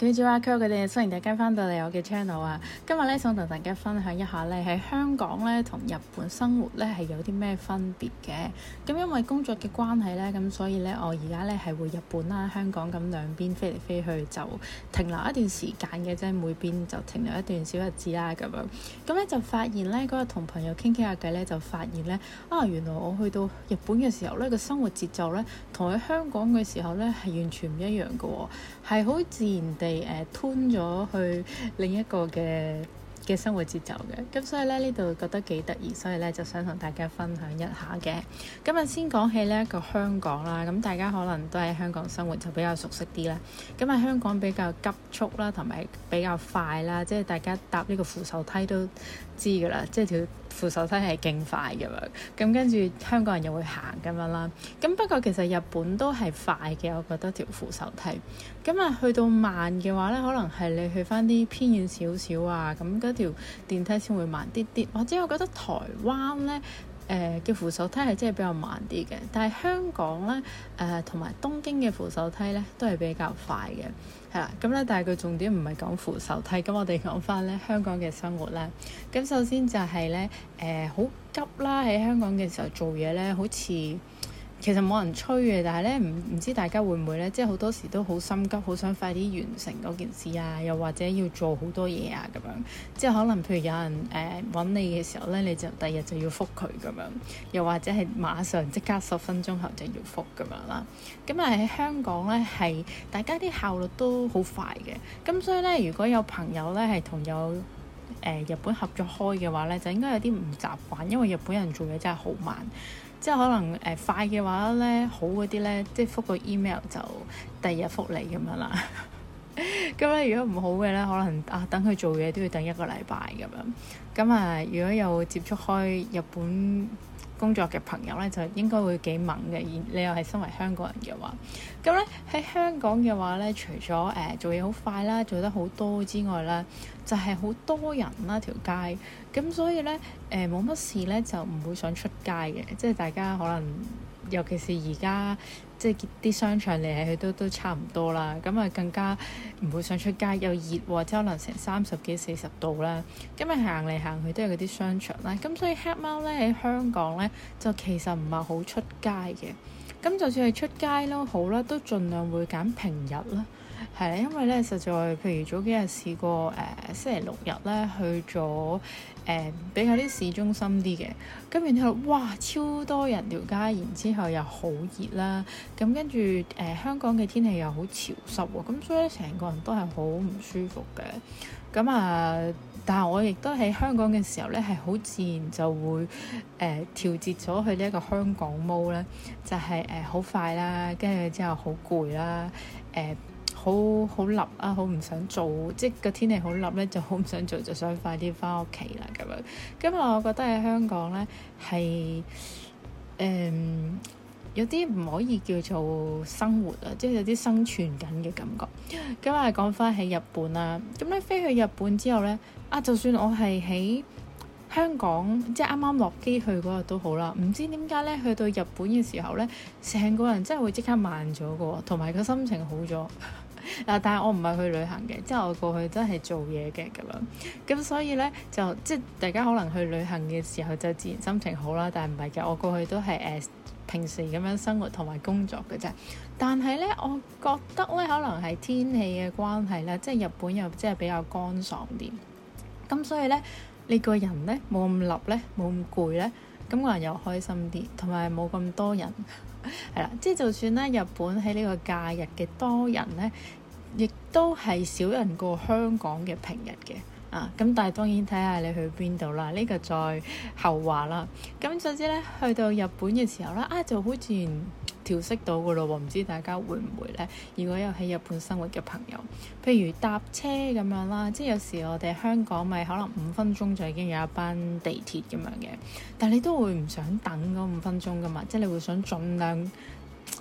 Hey JVR，佢哋歡迎大家翻到嚟我嘅 channel 啊！今日咧想同大家分享一下咧，喺香港咧同日本生活咧係有啲咩分別嘅。咁因為工作嘅關係咧，咁所以咧我而家咧係會日本啦、啊、香港咁、啊、兩邊飛嚟飛去，就停留一段時間嘅啫，每邊就停留一段小日子啦，咁樣。咁咧就發現咧，嗰日同朋友傾傾下偈咧，就發現咧啊，原來我去到日本嘅時候咧，個生活節奏咧同喺香港嘅時候咧係完全唔一樣㗎喎、哦，係好自然。嚟、呃、吞咗去另一個嘅嘅生活節奏嘅，咁所以咧呢度覺得幾得意，所以咧就想同大家分享一下嘅。咁日先講起呢一個香港啦，咁大家可能都喺香港生活就比較熟悉啲啦。咁日香港比較急速啦，同埋比較快啦，即係大家搭呢個扶手梯都知噶啦，即係條。扶手梯係勁快咁樣，咁跟住香港人又會行咁樣啦。咁不過其實日本都係快嘅，我覺得條扶手梯。咁啊去到慢嘅話呢，可能係你去返啲偏遠少少啊，咁嗰條電梯先會慢啲啲。或者我覺得台灣呢。誒嘅、呃、扶手梯係真係比較慢啲嘅，但係香港咧誒同埋東京嘅扶手梯咧都係比較快嘅，係啦。咁咧，但係佢重點唔係講扶手梯，咁我哋講返咧香港嘅生活啦。咁首先就係咧誒好急啦，喺香港嘅時候做嘢咧，好似。其實冇人催嘅，但係咧唔唔知大家會唔會咧，即係好多時都好心急，好想快啲完成嗰件事啊，又或者要做好多嘢啊咁樣。即係可能譬如有人誒揾、呃、你嘅時候咧，你就第日就要覆佢咁樣，又或者係馬上即刻十分鐘後就要覆咁樣啦。咁啊喺香港咧係大家啲效率都好快嘅，咁所以咧如果有朋友咧係同有。誒、呃、日本合作開嘅話咧，就應該有啲唔習慣，因為日本人做嘢真係好慢，即係可能誒、呃、快嘅話咧，好嗰啲咧，即係覆個 email 就第二日覆你咁樣啦。咁 咧、嗯，如果唔好嘅咧，可能啊等佢做嘢都要等一個禮拜咁樣。咁、嗯、啊、嗯，如果有接觸開日本。工作嘅朋友呢，就應該會幾猛嘅，而你又係身為香港人嘅話，咁呢喺香港嘅話呢，除咗誒、呃、做嘢好快啦，做得好多之外啦，就係、是、好多人啦、啊、條街，咁所以呢，誒冇乜事呢，就唔會想出街嘅，即係大家可能。尤其是而家即係啲商場嚟嚟去去都都差唔多啦，咁啊更加唔會想出街，又熱喎，之後可能成三十幾四十度啦，咁啊行嚟行去都係嗰啲商場啦，咁所以黑貓咧喺香港咧就其實唔係好出街嘅，咁就算係出街都好啦，都盡量會揀平日啦。係，因為咧，實在譬如早幾日試過誒、呃，星期六日咧去咗誒、呃、比較啲市中心啲嘅，跟住之後哇，超多人條街，然之後又好熱啦，咁跟住誒香港嘅天氣又好潮濕喎，咁所以成個人都係好唔舒服嘅。咁啊，但係我亦都喺香港嘅時候咧，係好自然就會誒調節咗佢呢一個香港 mode 咧，就係誒好快啦，跟住之後好攰啦，誒、呃。好好笠啊！好唔想做，即係個天氣好笠咧，就好唔想做，就想快啲翻屋企啦。咁樣咁啊，我覺得喺香港咧係誒有啲唔可以叫做生活啊，即係有啲生存緊嘅感覺。咁啊，講翻喺日本啦，咁咧飛去日本之後咧啊，就算我係喺香港，即係啱啱落機去嗰日都好啦。唔知點解咧，去到日本嘅時候咧，成個人真係會即刻慢咗嘅喎，同埋個心情好咗。嗱，但係我唔係去旅行嘅，即係我過去真係做嘢嘅咁樣。咁所以呢，就即係大家可能去旅行嘅時候就自然心情好啦。但係唔係嘅，我過去都係誒、欸、平時咁樣生活同埋工作嘅啫。但係呢，我覺得呢，可能係天氣嘅關係呢，即係日本又即係比較乾爽啲，咁所以呢，你個人呢冇咁笠呢，冇咁攰呢。咁個人又開心啲，同埋冇咁多人，係 啦，即係就算咧，日本喺呢個假日嘅多人咧，亦都係少人過香港嘅平日嘅， 啊，咁但係當然睇下你去邊度啦，呢個再後話啦。咁 總之咧，去到日本嘅時候啦，啊就好似～調適到嘅咯喎，唔知大家會唔會呢？如果有喺日本生活嘅朋友，譬如搭車咁樣啦，即係有時我哋香港咪可能五分鐘就已經有一班地鐵咁樣嘅，但係你都會唔想等嗰五分鐘噶嘛？即係你會想盡量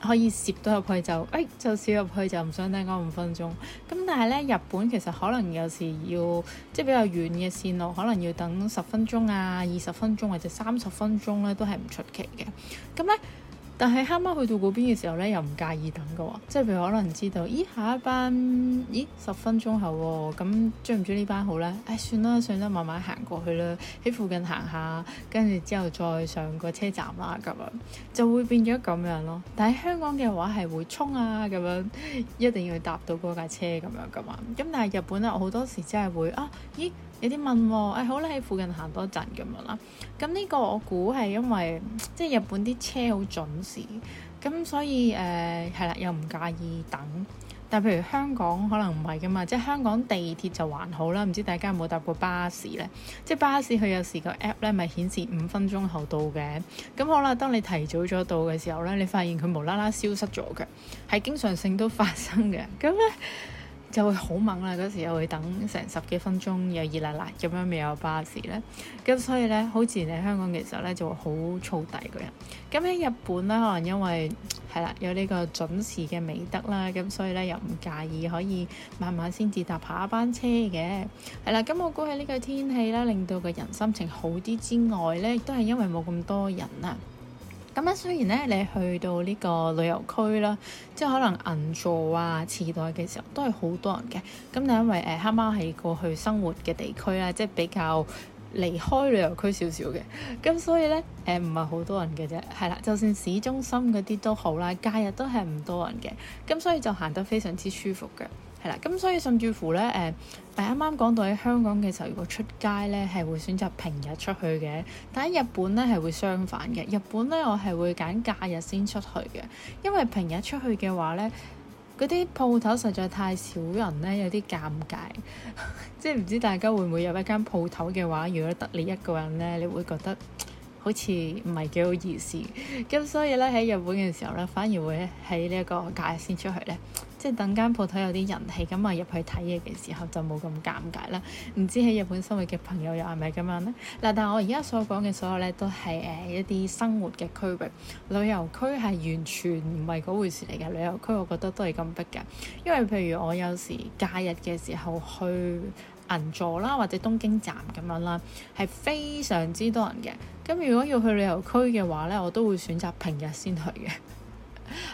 可以攝到入去就，哎，就攝入去就唔想等嗰五分鐘。咁但係呢，日本其實可能有時要，即係比較遠嘅線路，可能要等十分鐘啊、二十分鐘、啊、或者三十分鐘呢，都係唔出奇嘅。咁呢。但係啱啱去到嗰邊嘅時候呢，又唔介意等嘅喎，即係譬如可能知道咦下一班咦十分鐘後喎、哦，咁、嗯、追唔追呢班好呢？唉、哎，算啦算啦，慢慢行過去啦，喺附近行下，跟住之後再上個車站啦咁樣，就會變咗咁樣咯。但係香港嘅話係會衝啊咁樣，一定要搭到嗰架車咁樣噶嘛。咁但係日本呢，我好多時真係會啊咦。有啲問、哦，誒、哎、好啦，喺附近行多陣咁樣啦。咁呢個我估係因為即係、就是、日本啲車好準時，咁所以誒係啦，又唔介意等。但譬如香港可能唔係㗎嘛，即係香港地鐵就還好啦。唔知大家有冇搭過巴士咧？即係巴士佢有時個 app 咧咪顯示五分鐘後到嘅，咁好啦。當你提早咗到嘅時候咧，你發現佢無啦啦消失咗嘅，係經常性都發生嘅。咁咧、就是。 就會好猛啦！嗰時又會等成十幾分鐘，又熱辣辣咁樣未有巴士咧，咁所以咧好自然喺香港嘅時候咧就會好燥底個人。咁喺日本咧，可能因為係啦，有呢個準時嘅美德啦，咁所以咧又唔介意可以慢慢先至搭下一班車嘅，係啦。咁我估喺呢個天氣啦，令到個人心情好啲之外咧，都係因為冇咁多人啊。咁咧、嗯，雖然咧你去到呢個旅遊區啦，即係可能銀座啊、池袋嘅時候，都係好多人嘅。咁、嗯、但因為誒、呃、黑貓係過去生活嘅地區啦，即係比較離開旅遊區少少嘅，咁、嗯、所以咧誒唔係好多人嘅啫。係啦，就算市中心嗰啲都好啦，假日都係唔多人嘅，咁、嗯、所以就行得非常之舒服嘅。係啦，咁所以甚至乎咧，誒、呃，我啱啱講到喺香港嘅時候，如果出街咧係會選擇平日出去嘅，但喺日本咧係會相反嘅。日本咧我係會揀假日先出去嘅，因為平日出去嘅話咧，嗰啲鋪頭實在太少人咧，有啲尷尬。即係唔知，知大家會唔會入一間鋪頭嘅話，如果得你一個人咧，你會覺得好似唔係幾好意思。咁 所以咧喺日本嘅時候咧，反而會喺呢一個假日先出去咧。即係等間鋪頭有啲人氣，咁啊入去睇嘢嘅時候就冇咁尷尬啦。唔知喺日本生活嘅朋友又係咪咁樣呢？嗱，但我而家所講嘅所有呢，都係誒一啲生活嘅區域，旅遊區係完全唔係嗰回事嚟嘅。旅遊區我覺得都係咁逼嘅，因為譬如我有時假日嘅時候去銀座啦，或者東京站咁樣啦，係非常之多人嘅。咁如果要去旅遊區嘅話呢，我都會選擇平日先去嘅。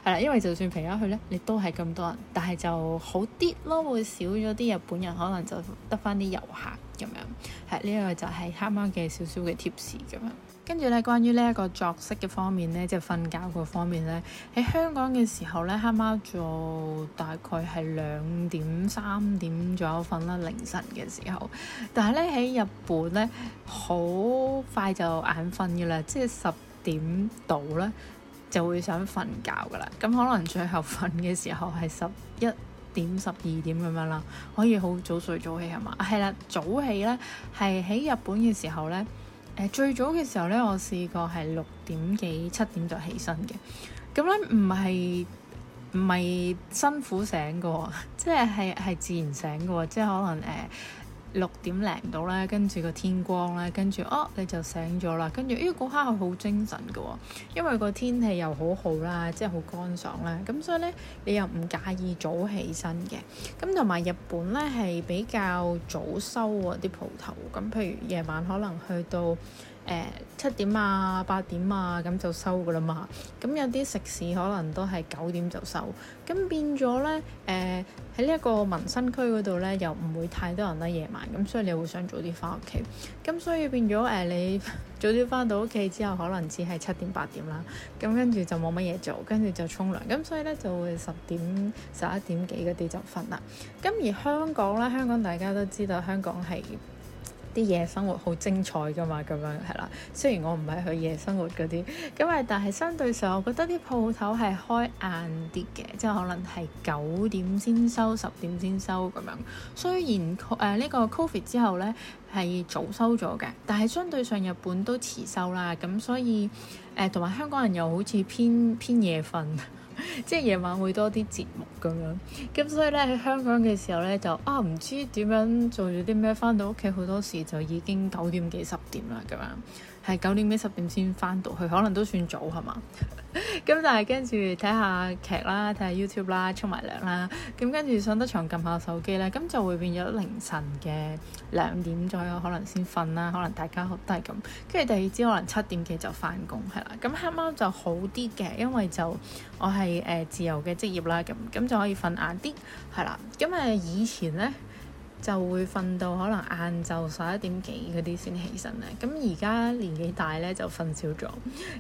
係啦，因為就算平日去咧，你都係咁多人，但係就好啲咯，會少咗啲日本人，可能就得翻啲遊客咁樣。係呢一個就係黑貓嘅少少嘅貼士咁樣。跟住咧，關於呢一個作息嘅方面咧，即係瞓覺個方面咧，喺香港嘅時候咧，黑貓做大概係兩點三點左右瞓啦，凌晨嘅時候。但係咧喺日本咧，好快就眼瞓噶啦，即係十點度啦。就會想瞓覺噶啦，咁可能最後瞓嘅時候係十一點、十二點咁樣啦，可以好早睡早起係嘛？係啦、啊，早起咧係喺日本嘅時候咧，誒、呃、最早嘅時候咧，我試過係六點幾、七點就起身嘅，咁咧唔係唔係辛苦醒嘅、哦， 即係係係自然醒嘅、哦，即係可能誒。呃六點零到啦，跟住個天光啦，跟住哦你就醒咗啦，跟住咦嗰刻係好精神嘅喎，因為個天氣又好好啦，即係好乾爽咧，咁所以呢，你又唔介意早起身嘅，咁同埋日本呢係比較早收啲舖頭，咁譬如夜晚可能去到，誒七、呃、點啊八點啊咁就收噶啦嘛，咁有啲食肆可能都係九點就收，咁變咗咧誒喺呢一、呃、個民生區嗰度咧又唔會太多人啦夜晚，咁所以你會想早啲翻屋企，咁所以變咗誒、呃、你早啲翻到屋企之後可能只係七點八點啦，咁跟住就冇乜嘢做，跟住就沖涼，咁所以咧就會十點十一點幾嗰啲就瞓啦，咁而香港咧香港大家都知道香港係。啲夜生活好精彩噶嘛，咁樣係啦。雖然我唔係去夜生活嗰啲，咁但係相對上，我覺得啲鋪頭係開晏啲嘅，即係可能係九點先收、十點先收咁樣。雖然誒呢、呃這個 Covid 之後咧係早收咗嘅，但係相對上日本都遲收啦，咁所以誒同埋香港人又好似偏偏夜瞓。 即係夜晚會多啲節目咁樣，咁所以咧喺香港嘅時候咧就啊唔知點樣做咗啲咩，翻到屋企好多時就已經九點幾十點啦咁樣。係九點幾十點先翻到去，可能都算早係嘛。咁 但係跟住睇下劇啦，睇下 YouTube 啦，沖埋涼啦。咁跟住上得床撳下手機咧，咁就會變咗凌晨嘅兩點左右，可能先瞓啦。可能大家都係咁。跟住第二朝可能七點幾就翻工，係啦。咁黑貓就好啲嘅，因為就我係誒、呃、自由嘅職業啦，咁咁就可以瞓晏啲，係啦。咁誒、呃、以前咧。就會瞓到可能晏晝十一點幾嗰啲先起身咧，咁而家年紀大咧就瞓少咗，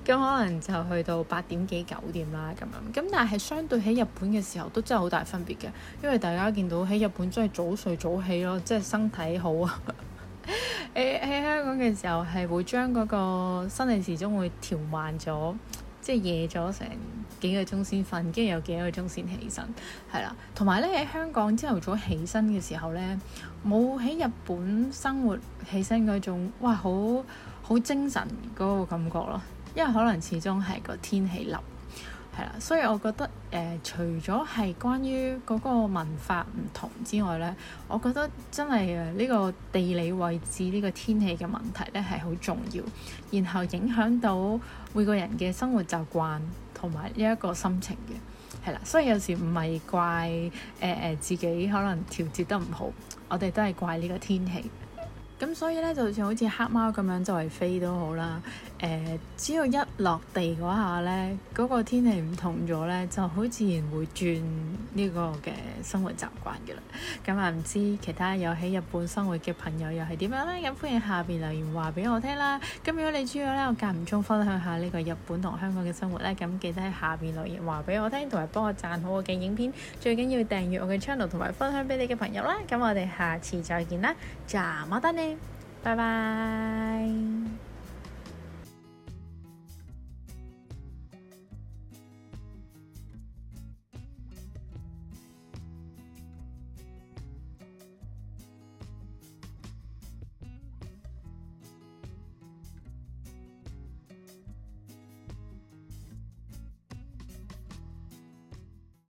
咁可能就去到八點幾九點啦咁樣，咁但係相對喺日本嘅時候都真係好大分別嘅，因為大家見到喺日本真係早睡早起咯，即係身體好啊。喺 喺香港嘅時候係會將嗰個生理時鐘會調慢咗。即係夜咗成幾個鐘先瞓，跟住有幾多個鐘先起身，係啦。同埋咧喺香港朝頭早起身嘅時候咧，冇喺日本生活起身嗰種哇好好精神嗰個感覺咯，因為可能始終係個天氣冷。係啦，所以我覺得誒、呃，除咗係關於嗰個文化唔同之外咧，我覺得真係誒呢個地理位置，呢、呢個天氣嘅問題咧係好重要，然後影響到每個人嘅生活習慣同埋呢一個心情嘅，係啦，所以有時唔係怪誒誒、呃、自己可能調節得唔好，我哋都係怪呢個天氣。咁所以咧，就算好似黑貓咁樣作為飛都好啦，誒、呃，只要一落地嗰下咧，嗰、嗰個天氣唔同咗咧，就好自然會轉呢個嘅生活習慣嘅啦。咁啊，唔知其他有喺日本生活嘅朋友又係點樣咧？咁歡迎下邊留言話俾我聽啦。咁如果你知道咧，我間唔中分享下呢個日本同香港嘅生活咧，咁記得喺下邊留言話俾我聽，同埋幫我讚好我嘅影片，最緊要訂閱我嘅 channel 同埋分享俾你嘅朋友啦。咁我哋下次再見啦咋。a 得你。拜拜。